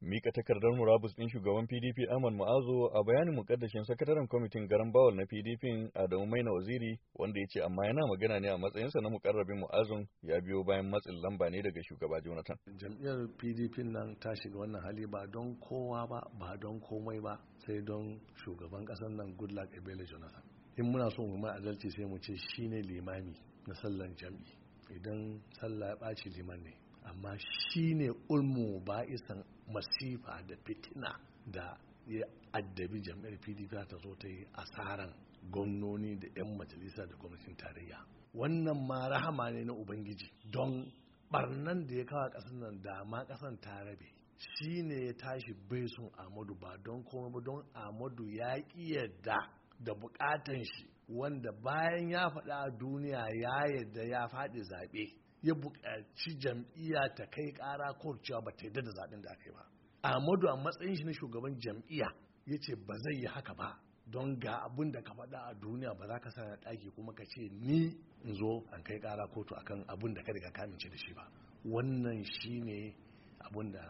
mika takardar murabus ɗin shugaban PDP Ahmad Mu'azu a bayanin mukaddashin sakataren kwamitin garan bawal na PDP Adamu Maina Waziri wanda ya ce amma yana magana ne a matsayinsa na mukarrabin Mu'azun ya biyo bayan matsin lamba ne daga shugaba Jonathan. Jam'iyyar PDP nan ta shiga wannan hali ba don kowa ba ba don komai ba sai don shugaban ƙasar nan Goodluck Ebele Jonathan. In muna so mu ma adalci sai mu ce shine limami na sallan jam'i idan sallah ya ɓaci liman ne amma shi ne ulmu ba'isan masifa da fitina da ya addabi jam'iyyar pdp ta zo ta yi asaran gwamnoni da 'yan majalisa da gwamnatin tarayya wannan ma rahama ne na ubangiji don barnan da ya kawo ƙasar nan da ma ƙasar ta rabe shi ne ya tashi bai sun amadu ba don komai ba don amadu ya ƙi yadda da buƙatan shi wanda bayan ya faɗa a duniya ya yadda ya faɗi zaɓe ya buƙaci jam'iyya ta kai ƙara ko cewa ba ta yadda da zaɓen da aka yi ba ahmadu a matsayin shi na shugaban jam'iyya ya ce ba zai yi haka ba don ga abin da ka faɗa a duniya ba za ka sa ɗaki kuma ka ce ni in zo an kai ƙara kotu akan abin da ka riga amince da shi ba wannan shi ne abin da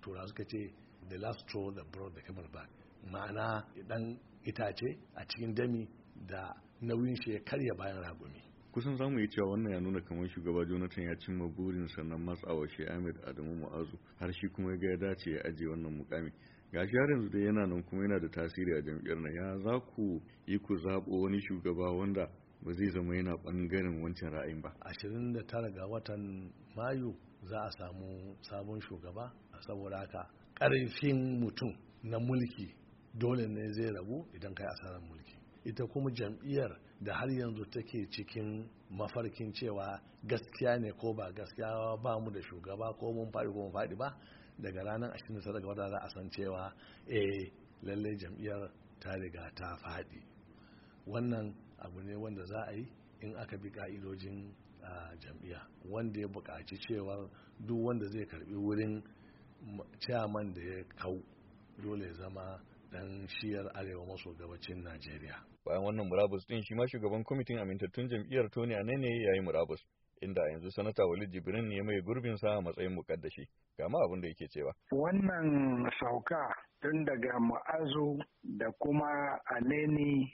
turawa suka ce the last straw that brought the camel back ma'ana idan itace a cikin dami da nauyin shi ya karya bayan ragumi kusan zamu yi cewa wannan ya nuna kamar shugaba jonathan ya cimma burin sannan matsawa shi ahmed adamu Ma'azu har shi kuma ya ga ya dace ya ajiye wannan mukami gashi har yanzu dai yana nan kuma yana da tasiri a jam'iyyar nan ya za ku yi ku zaɓo wani shugaba wanda ba zai zama yana ɓangaren wancan ra'ayin ba Ashirin da tara ga watan mayu za a samu sabon shugaba saboda haka ƙarfin mutum na mulki dole ne zai rabu idan kai asarar mulki ita kuma jam'iyyar da har yanzu take cikin mafarkin cewa gaskiya ne ko ba gaskiya ba mu da shugaba ko mun faɗi ko mun faɗi ba daga ranar 29 ga wata za a san cewa eh lalle jam'iyyar ta riga ta faɗi wannan abu ne wanda za a yi in aka bi ka'idojin jam'iyya wanda ya buƙaci cewar duk wanda zai karbi wurin chairman da ya kau dole zama dan shiyar arewa maso gabacin Najeriya. Bayan wannan murabus din shi ma shugaban kwamitin amintattun jam'iyyar Tony Anene ya yi murabus. inda yanzu sanata Walid Jibrin ne mai gurbin sa a matsayin mukaddashi ga ma abin da yake cewa wannan sauka tun daga ma'azu da kuma aleni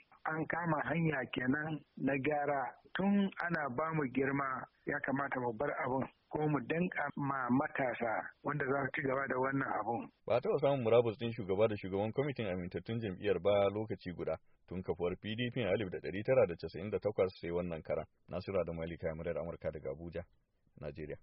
kama hanya kenan na gyara tun ana ba mu girma ya kamata mu bar abun ko mu danka ma matasa wanda za su ci gaba da wannan abun. Ba taɓa samun murabus ɗin shugaba da shugaban kwamitin amintattun jam'iyyar ba lokaci guda tun kafuwar PDP a alif da ɗari da casa'in da sai wannan karan. Nasira da Malika Yamurar Amurka daga Abuja, Najeriya.